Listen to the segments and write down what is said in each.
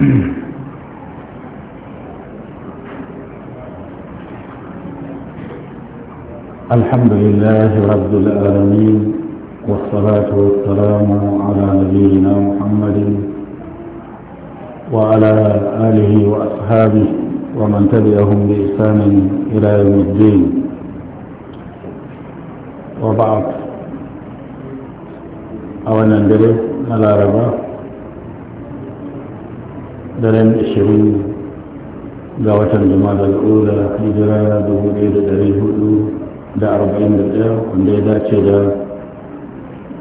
الحمد لله رب العالمين والصلاة والسلام على نبينا محمد وعلى آله وأصحابه ومن تبعهم بإحسان إلى يوم الدين وبعض أولا ندري على رباه daren ashirin ga watan jama'a al'ula hijira dubu ɗaya da ɗari hudu da arba'in da ɗaya wanda ya dace da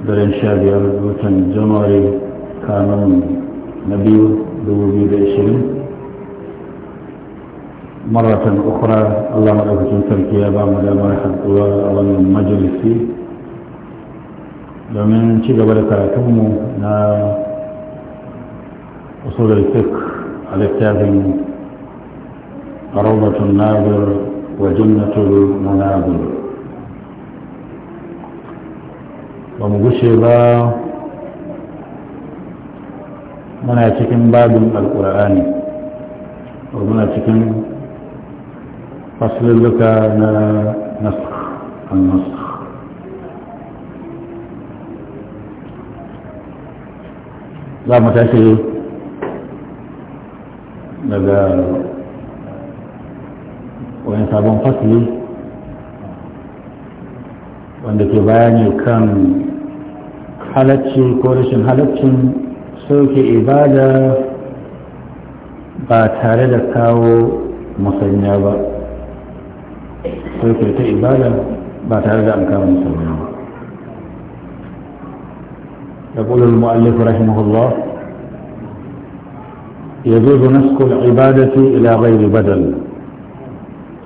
daren sha biyar ga watan jama'a kanon na biyu dubu biyu da ashirin maratan ukura allah maɗaukacin sarki ya ba mu damar haɗuwa a wannan majalisi domin ci gaba da karatunmu na أصول الفكر كتاب روضة الناظر وجنة المناظر ومبشر من أتكن باب القرآن ومن أتكن فصل لك نسخ النسخ لا mu tashi daga wani sabon fasli wanda ke bayani kan halacci ko rashin halaccin soke ibada ba tare da kawo musanya ba soke ta ibada ba tare da an kawo musanya ba يقول المؤلف رحمه الله يجوز نسك العبادة إلى غير بدل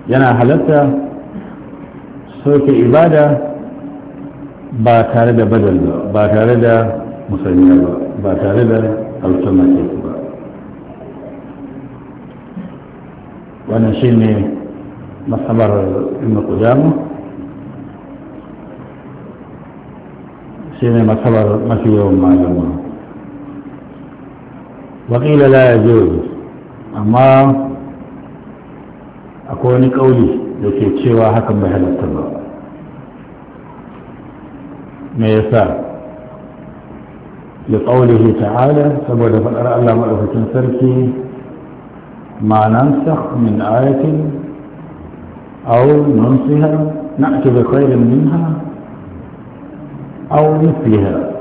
ينا حلتا سوك عبادة باتارد بدل باتارد مسلمية باتارد الفتماتية وانا شيني مصبر ابن قدام شيني مصبر يوم ما يومه وقيل لا يجوز أما أكون قولي لكي تشيوى حكم بحل التبع ما يسا لقوله تعالى سبب فقر الله مرأة تنسركي ما ننسخ من آية أو ننسها نأتي بخير منها أو مثلها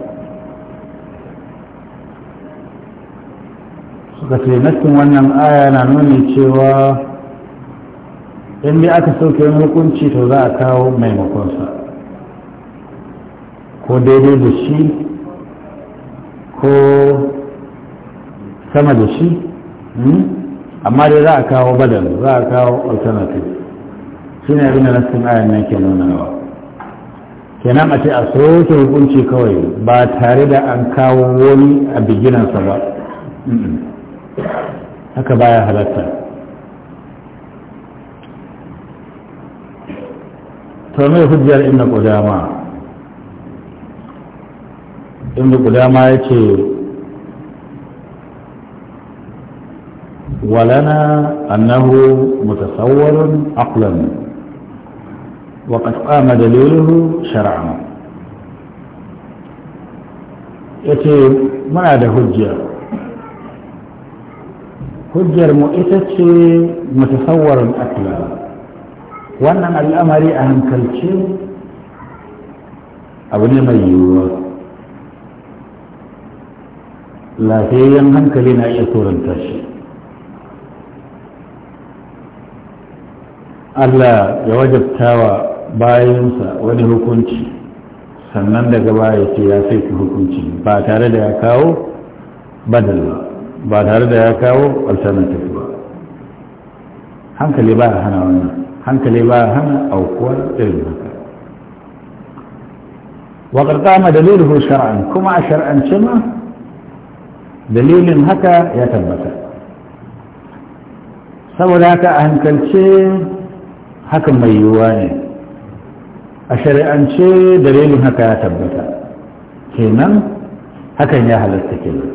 suka ce wannan aya na nuni cewa in dai aka sauke wani hukunci to za a kawo maimakonsa ko daidai da shi ko sama da shi hmm? amma dai za a kawo badal za a kawo alternative shi ne abin da nassin ayan nan ke nunawa kenan a ce a soke hukunci kawai ba tare da an kawo wani a biginansa ba haka baya halatta to mai hujjar inda kudama inda kudama ya ce walana annahu mutasawwarun aqlan wa qad qama daliluhu shar'an yace muna da hujja hujjar mu ita ce mutasawwarin akla wannan al'amari a hankalce abu ne mai yiwuwa lafiyayyen hankali na iya turanta shi Allah ya wajabta wa bayansa wani hukunci sannan daga baya ce ya sai hukunci ba tare da ya kawo badal ba tare da ya kawo alternative ba hankali ba hana wannan hankali ba hana aukuwar irin haka waƙar kama dalilu shar'an kuma a shar'ance ma dalilin haka ya tabbata saboda haka a hankalce hakan mai yiwuwa ne a shari'ance dalilin haka ya tabbata kenan hakan ya halatta kenan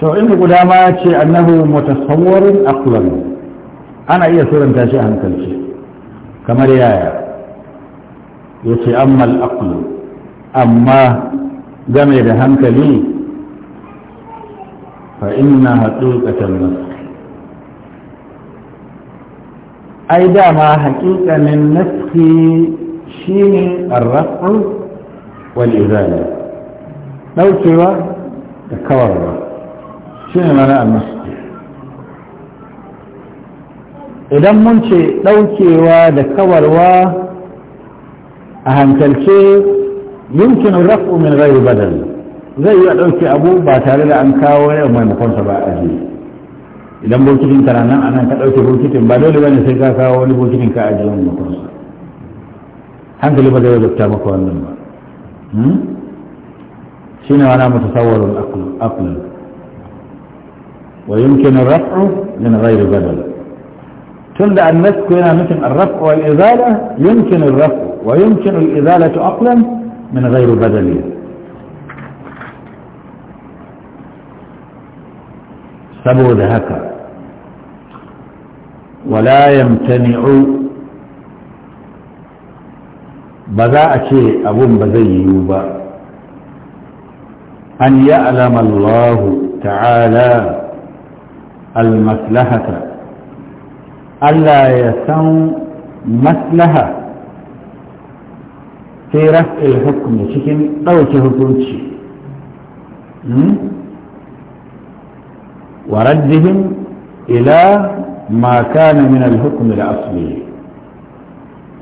to inda guda ma ya ce annahu mutasawwarin aqlan ana iya suranta shi a hankalci kamar yaya ya ce ammal aqlu amma game da hankali fa inna haqiqatan nas ai dama haƙiƙanin naski shine ar-raf'u wal izala daukewa da kawarwa shi ne mana almas idan mun ce ɗaukewa da kawarwa a hankalce yumkin raf'u min rai badal zai yi a ɗauke abu ba tare da an kawo wani makonsa ba a jiya idan bokitin ka nan anan ka ɗauke bokitin ba dole bane sai ka kawo wani bokitin ka ajiye wani makonsa hankali ba zai wajabta maka wannan ba hmm? shi ne wana mutasawwarun aklun ويمكن الرفع من غير بدل تند أن نسكن مثل الرفع والإزالة يمكن الرفع ويمكن الإزالة عقلا من غير بدل سبو ذهك ولا يمتنع بذاء شيء ابو ce أن يعلم الله تعالى almaslahata Allah ya san maslaha fi raf'il hukmi cikin ɗauke hukunci hmm? wa raddihim ila ma kana min al-hukm al-asli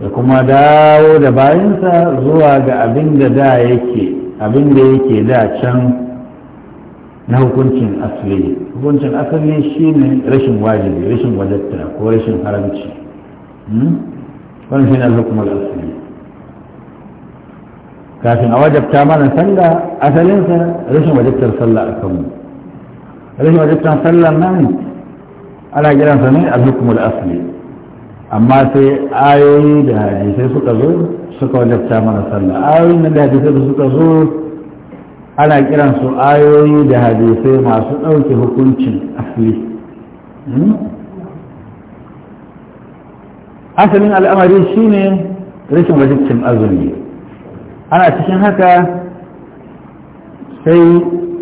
da kuma dawo da bayansa zuwa ga abin da da yake abin da yake da can na hukuncin asali hukuncin asali shine rashin wajibi rashin wajatta ko rashin haramci hmm? wannan shine hukumar asali kafin a wajabta mana sallah asalinsa rashin wajabtar sallah a kanmu rashin wajabtar sallah nan ana kiransa ne a hukumar asali amma sai ayoyi da hadisai suka zo suka wajabta mana sallah ayoyin da hadisai suka zo ana kiran su ayoyi da hadisai masu ɗauke hukuncin asali hmm? asalin al'amari shine rashin wajibcin azumi ana cikin haka sai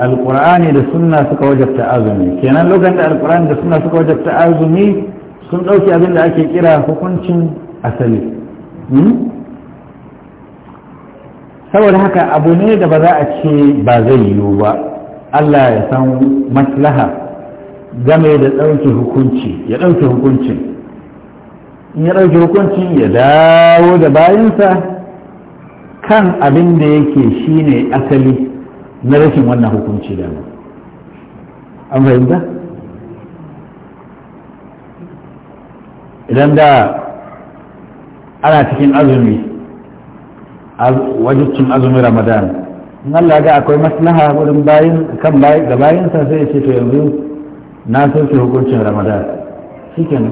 alkur'ani da sunna suka wajabta azumi kenan lokacin da alkur'ani da sunna suka wajabta azumi sun ɗauki abin da ake kira hukuncin asali hmm? saboda haka abu ne da ba za a ce ba zai yiwu ba Allah ya san maslaha game da ɗauke hukunci ya ɗauke hukunci in ya ɗauke hukunci ya dawo da bayansa kan abin da yake ne asali na rashin wannan hukunci da mu an fahimta idan da ana cikin azumi wajibcin azumin ramadan in Allah ga akwai maslaha wurin bayin kan bayin sa sai ce to yanzu na soke hukuncin ramadan shikenan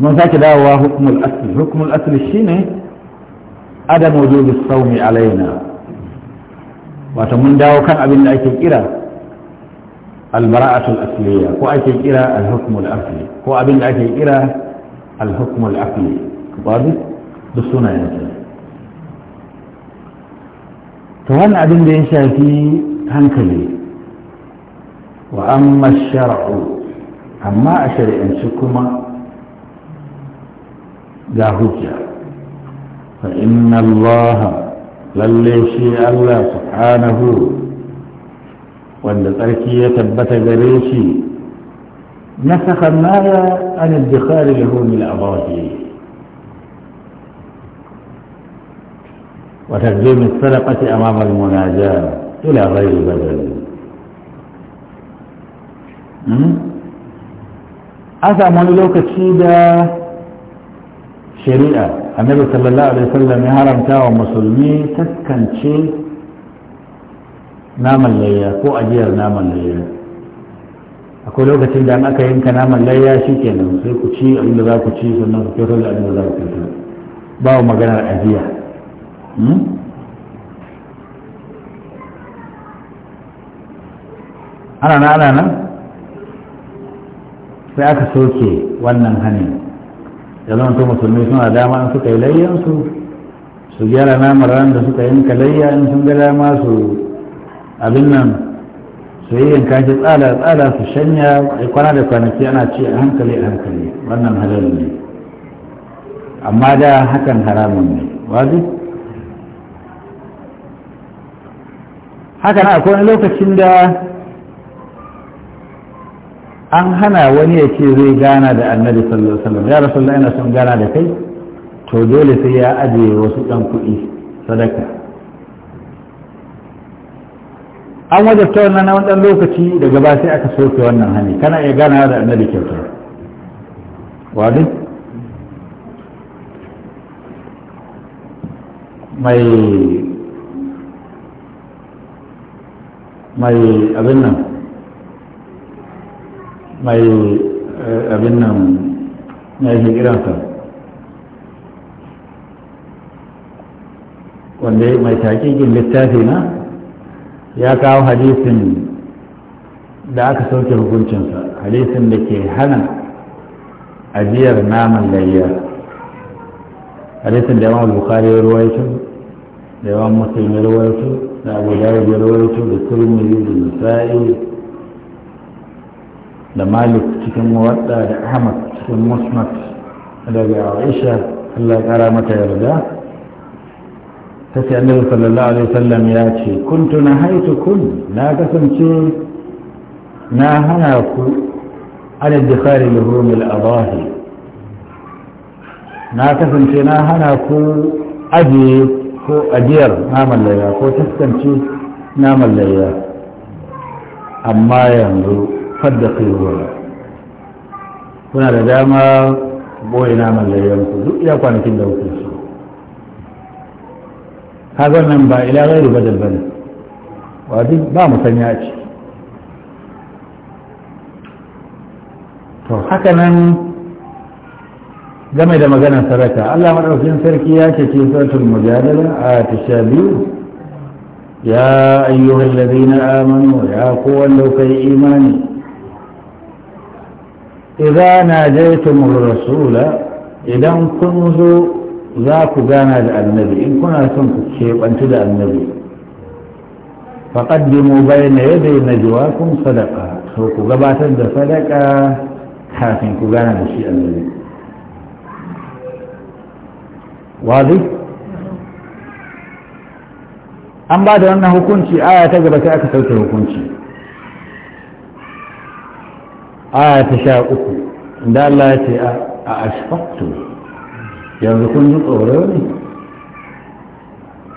mun sake dawowa hukumul asli hukumul asli shine adam wujubi saumi alaina wato mun dawo kan abin da ake kira البراءة الأصلية كو أكي إلى الحكم الأصلي كو أبن أكي إلى الحكم الأصلي واضح دستونا يعني فهنا عدن بإنشاء في هنكلي وأما الشرع أما أشرع انسكما شكما لا هجة فإن الله للي شيء الله سبحانه وأن تركية ثبت ذريشي نسخ النار عن الدخار له من الأباطيل وتقديم الصدقة أمام المناجاة إلى غير بدل أتى من لوك تشيدا شريئة النبي صلى الله عليه وسلم يهرم تاوى مسلمي تسكن شيء نام الليا كو أجير نام الليا أقول لوك تشيدا أن أكا ينك نام الليا شيء كنا سيكو شيء أبدا ذاكو شيء سنة كيرو لأبدا ذاكو شيء باو مغانا أجير Hmm? ana na ana nan sai aka soke wannan hannu ya zama to musulmi suna dama in suka yi layyansu su gyara namar da suka yanka layya in sun ga dama su abin nan su yi yanka shi tsada tsada su shanya a kwana da kwanaki ana ce a hankali a hankali wannan halal ne amma da hakan haramun ne wazi haka na akwai lokacin da an hana wani ya ce zai gana da annabi sallallahu alaihi wasallam ya rasulullah ina son gana da kai to dole sai ya ajiye wasu dan kuɗi sadaka an wajabta wannan na wani lokaci daga ba sai aka soke wannan hani kana iya gana da annabi kyautar wani mai mai abin nan mai eh, abin nan na yake kiransa wanda mai takikin littafi na ya kawo hadisin da aka sauke hukuncinsa hadisin da ke hana ajiyar naman layya hadisin da yawan bukari ya ruwaito da yawan musulmi ya ruwaito na abu dawud ya rawaito da turmiri da da malik cikin muwadda da ahmad cikin musnad daga aisha allah kara mata yarda ta ce annabi sallallahu alaihi wasallam ya ce kuntu na haitu kun na kasance na hana ku na kasance na hana ku ajiye ko ajiyar naman layya ko taskance naman layya amma yanzu fadda kaiwa kuna da dama boye naman layyan ku duk ya kwanakin da kuke so kaga nan ba ila gairu badal bane ba ba mu sanya ce to haka nan game da maganar sadaka Allah madaukakin sarki ya ce cikin suratul mujadala a tasha biyu ya ayyuhal na amanu ya ku wanda kai imani idza najaytumur rasula idan kun zo za ku gana da annabi in kuna son ku keɓantu da annabi faƙaddimu bayna yadai najwakum sadaqa to ku gabatar da sadaka kafin ku gana da shi annabi wazi an ba da wannan hukunci aya ta gaba sai aka sauke hukunci aya ta sha uku da Allah ya ce a ashfaktu yanzu kun ji tsoro ne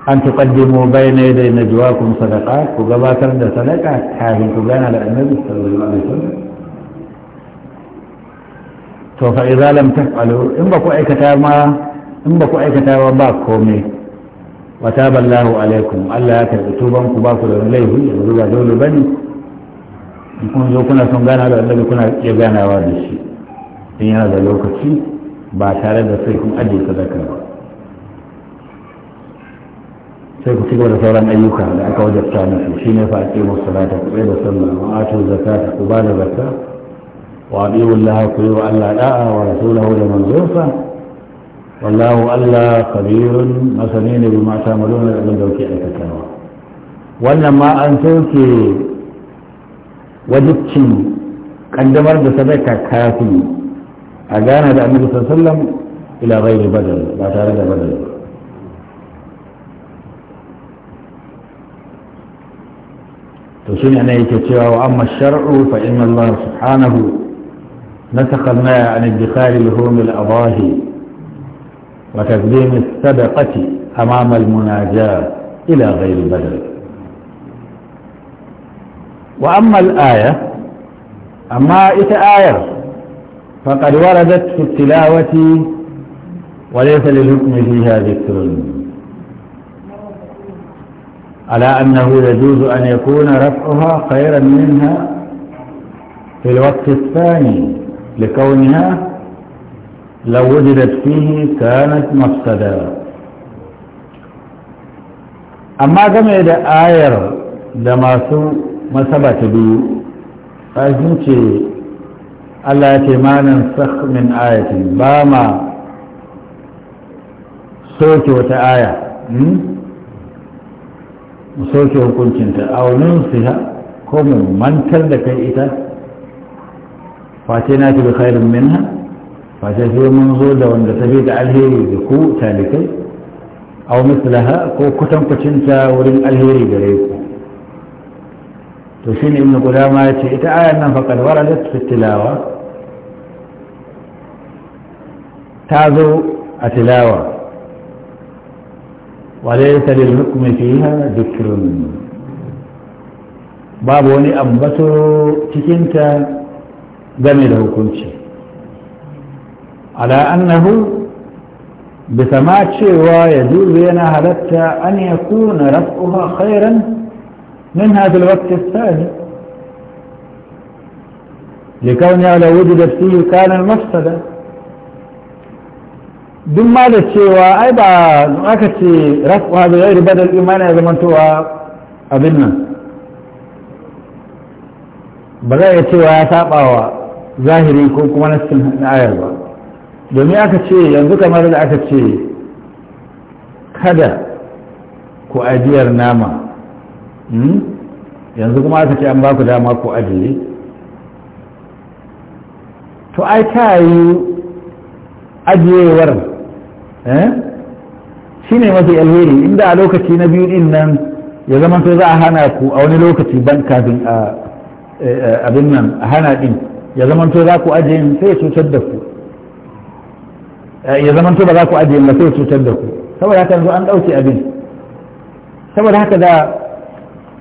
an yadda bayna jiwa najwaakum sadaka ku gabatar da sadaka kafin ku gana da annabi sallallahu alaihi wasallam to fa idza lam taf'alu in ba ku aikata ma in ba ku aikata ba ba komai wa taballahu alaikum Allah ya karbi tuban ku ba ku da laifi yanzu ba dole bane in kun zo kuna son gana da annabi kuna iya ganawa da shi in yana da lokaci ba tare da sai kun ajiye sadaka ba sai ku cigaba da sauran ayyuka da aka wajabta musu shi ne fa aqimu salata ku da sallah wa atu zakata ku ba da zakka wa abiyu Allah ku yi wa Allah da'a wa rasulahu da manzonsa والله ألا قدير مثلين بما تعملون من دوك أتكاوى وإنما أن توكي وجدتي عندما بسبك كافي أجانا النبي صلى الله عليه وسلم إلى غير بدل لا تارد بدل تسمع نيك تشاء وأما الشرع فإن الله سبحانه نسخ الماء عن ادخار لحوم الأضاهي وتقديم السبقة أمام المناجاة إلى غير بدل وأما الآية أما آية فقد وردت في التلاوة وليس للحكم فيها ذكر على أنه يجوز أن يكون رفعها خيرا منها في الوقت الثاني لكونها لو وجدت فيه كانت مفسدة أما كما إذا آير دماسو مسبة بي فأجنتي ألا ما ننسخ من آية باما soke wata aya mu soke hukuncinta a wani siya ko mu mantar da kai ita face na ta bi khairun فاجل هي منظور لو ان تبيد الهيري بكو او مثلها كو كتن كتنتا ورن الهيري بريكو تشين ابن قدامة يتعايا فقد وردت في التلاوة تازو التلاوة وليس للحكم فيها ذكر بابوني أنبتوا تكنت جميل هكونشي على أنه بثمات شيء ويجوز لنا هلتا أن يكون رفعها خيرا من هذا الوقت الثاني لكون لو وجدت فيه كان المفسدة دم مال الشيء أيضا أكسي رفعها بغير بدل إيمان إذا ما توا أبنا بغير شيء ويساقها ظاهري كون كمان السنة آية أيضا domin aka ce yanzu kamar da aka ce kada ku ajiyar nama hmm? yanzu kuma aka ce an ba ku dama ku ajiye to ai ta yi ajiyewar eh? shi ne mafi alheri inda a lokaci na biyu din nan ya zama to za a hana ku a wani lokaci ban kafin a eh, eh, abin nan a hana din ya zama to za ku ajiye sai ya cutar da ku Eh, ya zama to ba za ku ajiye ba sai cutar da ku saboda haka yanzu an ɗauke abin saboda haka da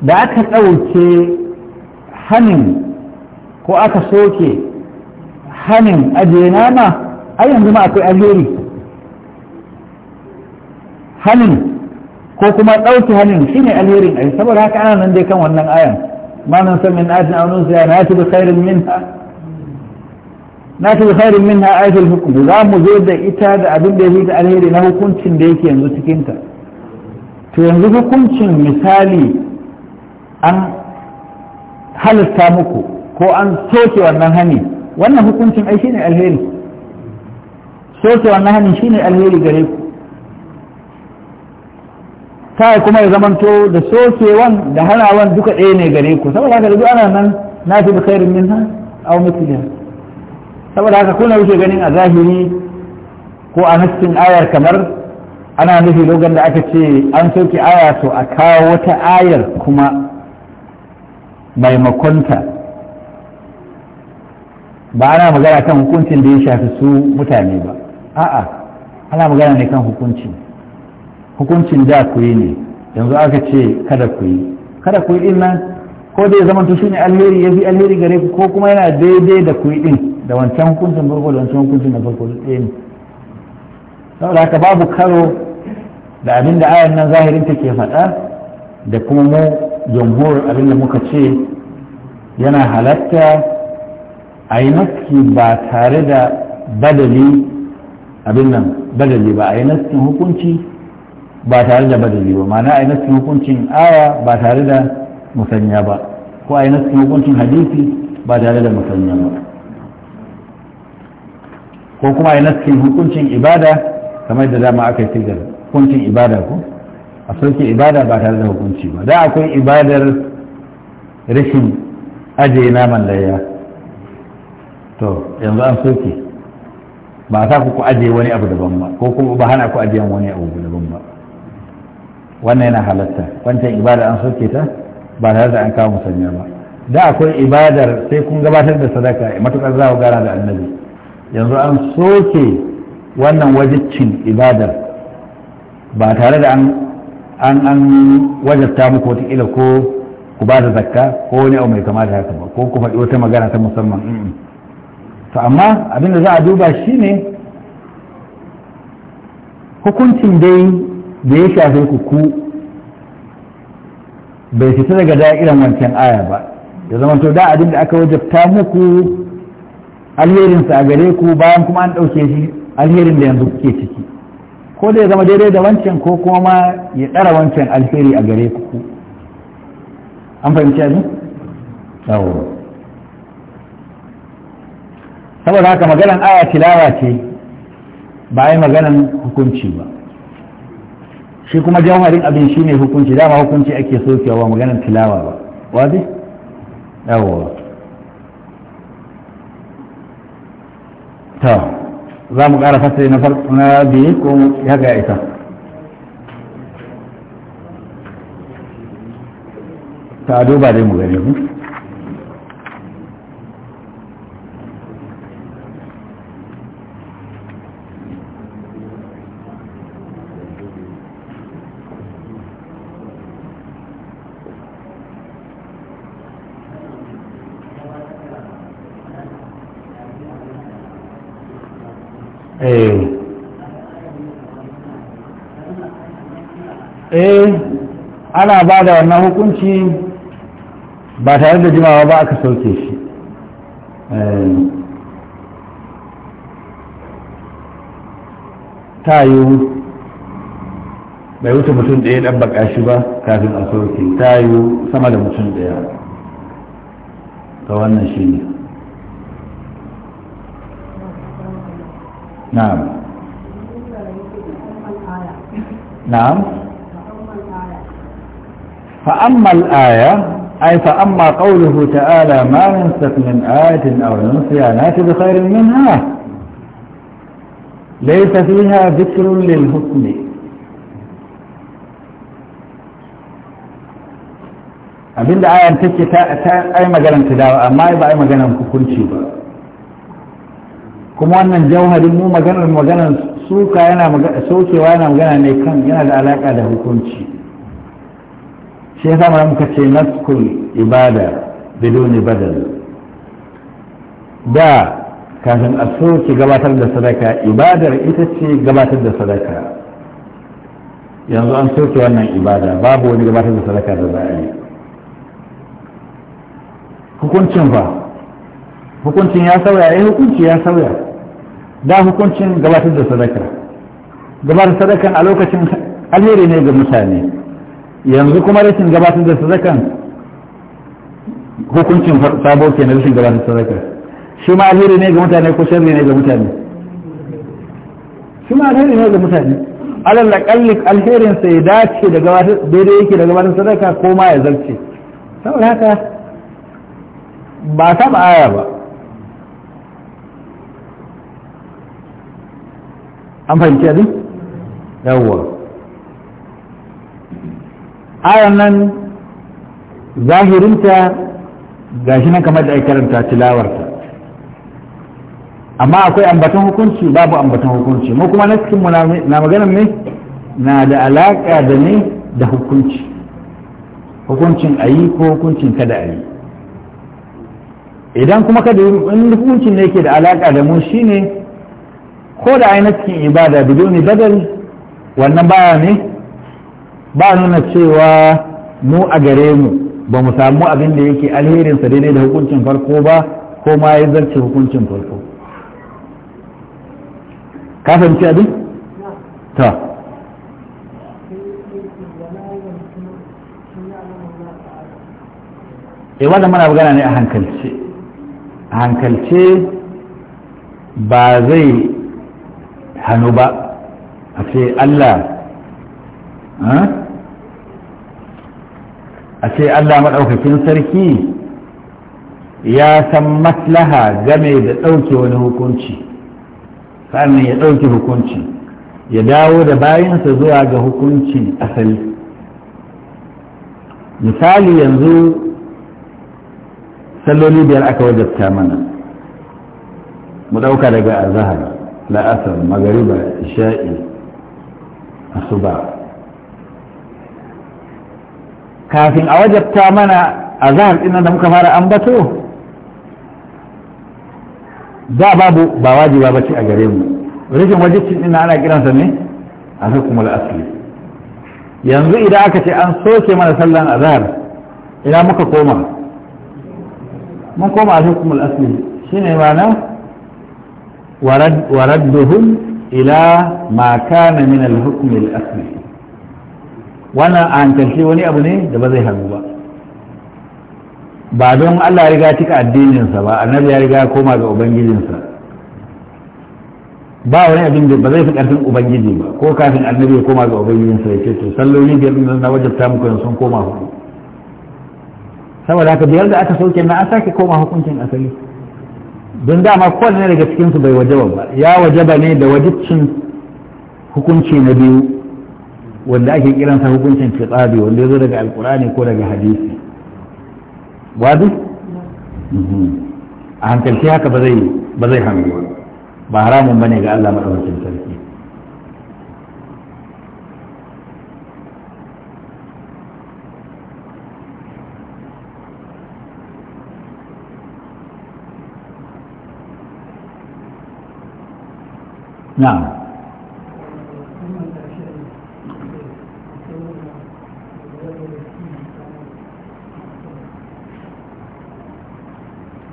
da aka ɗauke hannun ko aka soke hannun ajiye nama a yanzu ma akwai alheri hannun ko kuma ɗauke hannun shine alherin ai saboda haka ana nan dai kan wannan ayan ma nan san min ajin aunun ziyara ya ci da khairin minha na ta khairin min na ayatul hukum za mu zo da ita da abin da ya yake alheri na hukuncin da yake yanzu cikinta to yanzu hukuncin misali an halitta muku ko an soke wannan hani wannan hukuncin ai shine alheri soke wannan hani shine alheri gare ku kai kuma ya zamanto da sokewan da hanawan duka ɗaya ne gare ku saboda haka duk ana nan na fi bi khairin minha aw mithliha saboda haka kuna wuce ganin a zahiri ko a nassin ayar kamar ana nufi logan da aka ce an sauke aya to a kawo wata ayar kuma maimakonta ba ana magana kan hukuncin da ya shafi su mutane ba a'a ana magana ne kan hukuncin hukuncin da ku yi ne yanzu aka ce kada ku yi kada ku yi din nan ko dai shi ne alheri ya fi alheri gare ku ko kuma yana daidai da ku yi din da wancan hukuncin farko da wancan hukuncin na farko duk ɗaya ne saboda haka babu karo da abin da ayan nan zahirin ta ke faɗa da kuma mu jamhur abin da muka ce yana halatta a yi naski ba tare da badali abin nan badali ba a yi naskin hukunci ba tare da badali ba ma'ana a yi naskin hukuncin aya ba tare da musanya ba ko a yi naskin hukuncin hadisi ba tare da musanya ba ko kuma ya naskin hukuncin ibada kamar da dama aka yi tilgar hukuncin ibada ko a sauke ibada ba tare da hukunci ba da akwai ibadar rashin ajiye naman layya to yanzu an soke ba sa ku ajiye wani abu daban ba ko kuma ba hana ku ajiyan wani abu daban ba wannan yana halatta wancan ibada an sauke ta ba tare da an kawo musanya ba da akwai ibadar sai kun gabatar da sadaka matuƙar za ku gara da annabi yanzu an soke wannan wajibcin ibadar ba tare da an an wajabta muku kila ko ku ba da zakka ko wani abu mai kama da haka ba ko kuma wata magana ta musamman to amma abin da za a duba shi ne hukuncin dai da ya shafe ku ku bai fita daga da'iran wancan aya ba ya zama to da abin da aka wajabta muku alherinsa a gare ku bayan kuma an ɗauke shi alherin da yanzu kuke ciki ko da ya zama daidai da wancan ko kuma ma ya ɗara wancan alheri a gare ku an fahimci yanzu? saboda haka maganan aya tilawa ce ba a yi maganan hukunci ba shi kuma jawharin abin shi ne hukunci dama hukunci ake sokewa maganan tilawa ba wazi? yawon ta za mu ƙara fasari na farko na biyu ko ya ga ita ta duba dai mu gani ku ana ba da wannan hukunci ba tare da jimawa ba aka sauke shi eh, ta yiwu bai wuce mutum ɗaya ɗan baka shi ba kafin a sauke ta yiwu sama da mutum ɗaya ta wannan shi ne na'am na'am فأما الآية أي فأما قوله تعالى ما ننسك من آية أو ننسيها بخير منها ليس فيها ذكر للحكم abin da ayan take ta ai maganar tilawa amma ba ai maganar hukunci ba kuma wannan jauharin mu maganar maganar suka yana sokewa yana magana ne kan yana da alaka da hukunci shi yasa ma muka ce naskul ibada bidon badal da kafin a soke gabatar da sadaka ibadar ita ce gabatar da sadaka yanzu an soke wannan ibada babu wani gabatar da sadaka da za a yi hukuncin ba hukuncin ya sauya ya eh, hukunci ya sauya da hukuncin gabatar da sadaka gabatar sadaka a lokacin alheri ne ga mutane yanzu kuma rashin gabatar da sadakan hukuncin sabo ke na rashin gabatar da sadaka shi ma alheri ne ga mutane ko shirri ne ga mutane shi ma alheri ne ga mutane alal aqalli alherin sai ya dace da gabatar daidai yake da gabatar sadaka ko ma ya zarce saboda haka ba ta ba aya ba an fahimci abin yawwa ayan nan zahirinta gashi nan kamar da ai karanta tilawarta amma akwai ambaton hukunci babu ambaton hukunci mu kuma naskin mu na maganar ne na da alaka da ne da hukunci hukuncin ayi ko hukuncin kada ayi idan kuma kada in hukuncin ne yake da alaka da mu shine ko da ai naskin ibada bidoni badal wannan baya ne ba nuna cewa mu a gare mu ba mu samu abin da yake alherinsa daidai da hukuncin farko ba ko ma ya zarce hukuncin farko ka fahimci abin? ta e wannan mana magana ne a hankalce a hankalce ba zai hannu ba a ce Allah eh? a ce allah maɗaukakin sarki ya san maslaha game da ɗauke wani hukunci sannan ya ɗauke hukunci ya dawo da bayansa zuwa ga hukuncin asali misali yanzu salloli biyar aka wajabta mana mu ɗauka daga azahar la'asar magariba isha'i asuba kafin a wajabta mana a zahar ɗin da muka fara ambato za babu ba wajiba bace a gare mu rashin wajibcin ɗin ana kiransa ne a hukumar asali. yanzu idan aka ce an soke mana sallan azhar ina muka koma mun koma a hukumul asli shine mana waradduhum ila ma kana min al wannan a hankalce wani abu ne da ba zai hannu ba ba don Allah ya riga cika addininsa ba annabi ya riga koma ga ubangijinsa ba wani abin da ba zai fi karfin ubangiji ba ko kafin annabi ya koma ga ubangijinsa ya ce to salloli biyar din na wajen ta muku sun koma hudu saboda haka biyar da aka sauke na an sake koma hukuncin asali don dama kowanne daga cikinsu bai wajaba ba ya wajaba ne da wajibcin hukunci na biyu wanda ake kiransa hukuncin fitsari wanda ya zo daga alkurani ko daga hadisi wadu mhm. a hankalci haka ba zai ba zai hannu ba haramun bane ga Allah madaukakin sarki na'am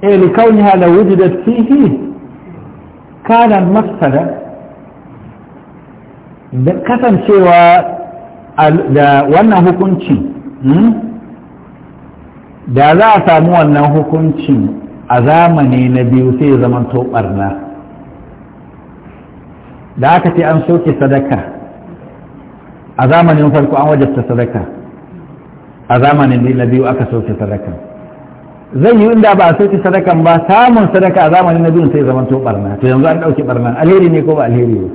إيه لكونها لو وجدت فيه كان المفسدة kasancewa da wannan hukunci da za a samu wannan hukuncin a zamani na biyu sai zaman barna da aka ce an soke sadaka a zamanin farko an wajabta sadaka a zamanin na biyu aka soke sadaka zai yi inda ba a soke sadakan ba samun sadaka a zamanin na biyun sai zaman to barna to yanzu an ɗauki barna alheri ne ko ba alheri ne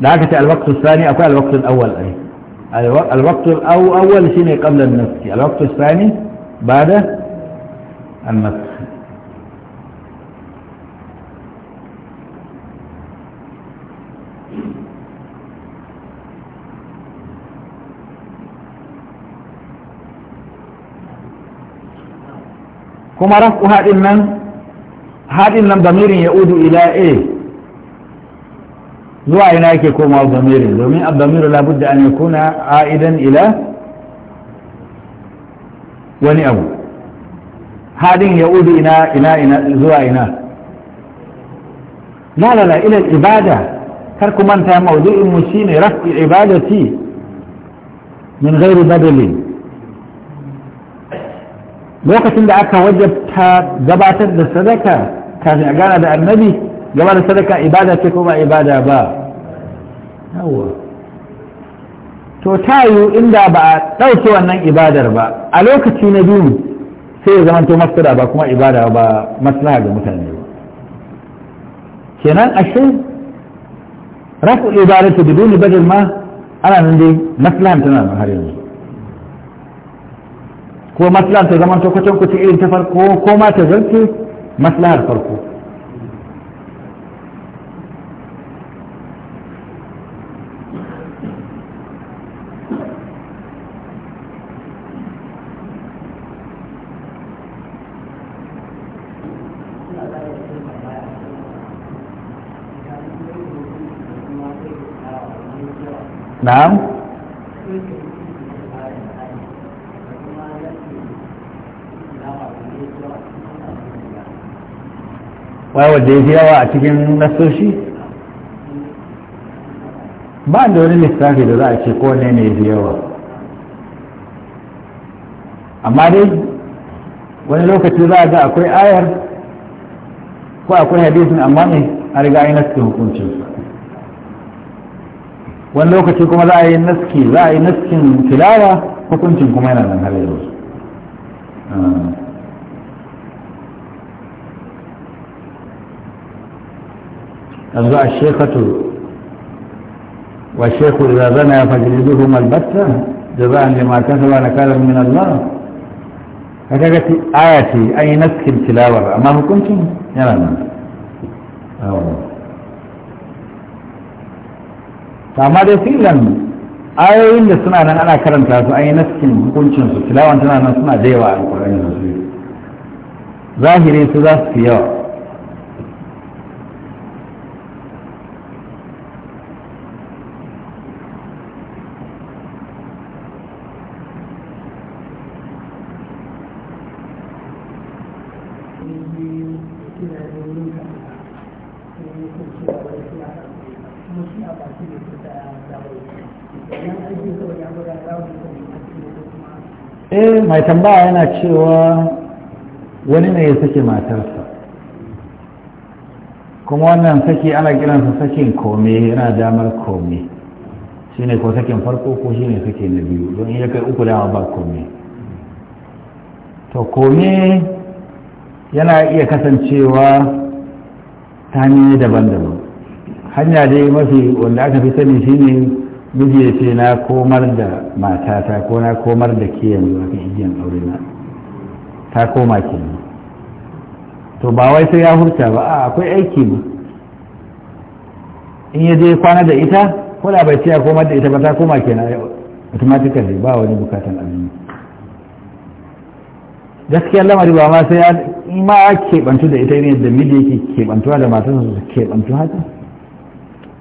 da aka ce alwaktu sani akwai alwaktu awwal ai alwaktu awwal shine qabla an-nafsi alwaktu sani ba'da an-nafs kuma rafu haɗin nan haɗin nan damirin ya udu ila a zuwa ina yake koma damirin domin abdamiru labudda an kuna a idan ila wani abu haɗin ya udu ina ina ina zuwa ina la la la ila ibada kar ku manta maudu'in mu shine rafi ibadati min ghairi badalin lokacin da aka wajabta gabatar da sadaka kafin a gana da annabi gaba da sadaka ibada ce kuma ba ibada ba yawa to ta yiwu inda ba a ɗauki wannan ibadar ba a lokaci na biyu sai ya zamanto masara ba kuma ibada ba maslaha ga mutane ba kenan ashe rafu ibaratu biduni badal ma ana nan dai maslahan tana nan har yanzu ko maslahar ta zama ta kwacin irin ta farko ko ma ta zarce maslahar farko na'am wai wadda ya yawa a cikin nasoshi ba da wani lissafi da za a ce ko ne ne ya yawa amma dai wani lokaci za a ga akwai ayar ko akwai hadisin amma ne a riga yi nasu hukuncinsa wani lokaci kuma za a yi naski za a yi naskin tilawa hukuncin kuma yana nan har yanzu yanzu a shekatu wa shekul da zana ya zuhu malbatta da za a nema kasaba na kalar min Allah ka kaga aya ce an yi naskin tilawar amma hukuncin yana nan amma dai filan ayoyin da suna nan ana karanta su an yi naskin hukuncin su tilawan tana nan suna da yawa a alƙur'ani zahiri su za su fi yawa eh mai tambaya yana cewa wani ne ya sake matarsa kuma wannan saki ana kiransa sakin kome yana damar kome shi ne ko sakin farko ko shi ne sake na biyu don iya kai uku dama ba kome to kome yana iya kasancewa ta hanyoyi daban-daban hanya dai mafi wanda aka fi sani shine miji ya ce na komar da matata ko na komar da ke yanzu akan igiyan aure na ta koma kenan to ba wai sai ya hurta ba a akwai aiki ne in ya je kwana da ita ko da bai ciya komar da ita ba ta koma kenan automatically ba wani bukatan abin gaskiyar lamari ba ma sai ma keɓantu da ita ne da miji yake keɓantuwa da matasa su keɓantu haka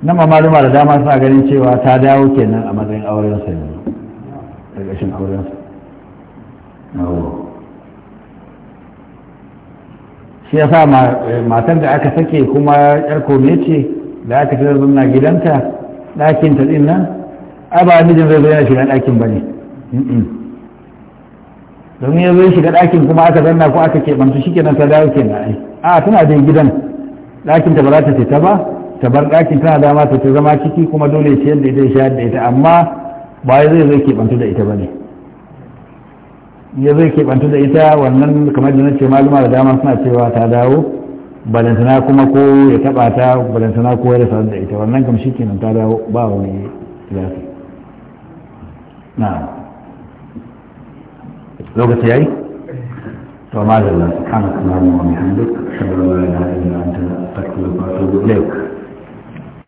nan ma maluma da dama suna ganin cewa ta dawo kenan a matsayin aurensa yanzu ƙarƙashin aurensa shi ya sa eh, matan da aka sake kuma yar kome ce da aka fi zama gidanta ɗakin ta ɗin nan a ba mijin zai zo yana shiga ɗakin ba ne domin ya zo shiga ɗakin kuma aka zanna ko aka keɓanta shi kenan ta dawo kenan a tana da gidan ɗakin ta ba za ta ce ta ba ta bar ɗakin tana dama ta ta zama ciki kuma dole ciyar da ita shayar da ita amma ba zai zai keɓantu da ita ba ne ya zai keɓantu da ita wannan kamar da na ce maluma da dama suna cewa ta dawo balantana kuma ko ya taɓa ta balantana ko ya rasa da ita wannan kam shi kenan ta dawo ba wani zafi na lokaci yi to ma da Allah subhanahu wa ta'ala wa bihamdik ashhadu an la ilaha ta anta astaghfiruka wa atubu ilaik